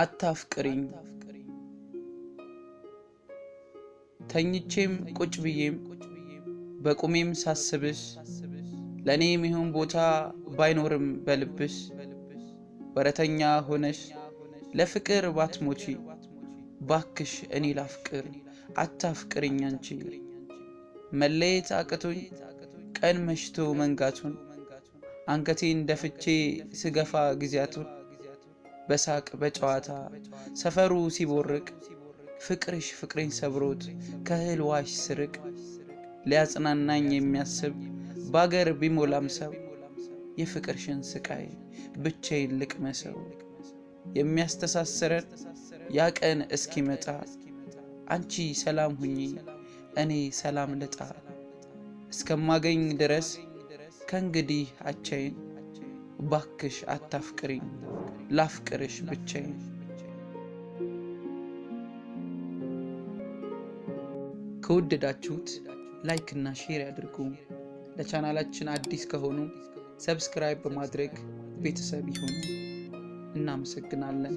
አታፍቅሪኝ ተኝቼም ቁጭ ብዬም በቁሜም ሳስብሽ ለእኔ የሚሆን ቦታ ባይኖርም በልብሽ ወረተኛ ሆነሽ ለፍቅር ባትሞቺ ባክሽ እኔ ላፍቅር አታፍቅርኝ አንቺ መለየት አቅቶኝ ቀን መሽቶ መንጋቱን አንገቴን ደፍቼ ስገፋ ጊዜያቱን በሳቅ በጨዋታ ሰፈሩ ሲቦርቅ ፍቅርሽ ፍቅሬን ሰብሮት ከህልዋሽ ስርቅ ሊያጽናናኝ የሚያስብ በአገር ቢሞላም ሰው የፍቅርሽን ስቃይ ብቻዬን ልቅመሰው የሚያስተሳስረን ያ ቀን እስኪመጣ አንቺ ሰላም ሁኚ እኔ ሰላም ልጣ እስከማገኝ ድረስ ከእንግዲህ አቻይን ባክሽ አታፍቅሪኝ፣ ላፍቅርሽ ብቻዬን። ከወደዳችሁት ላይክ እና ሼር ያድርጉ። ለቻናላችን አዲስ ከሆኑ ሰብስክራይብ በማድረግ ቤተሰብ ይሁኑ። እናመሰግናለን።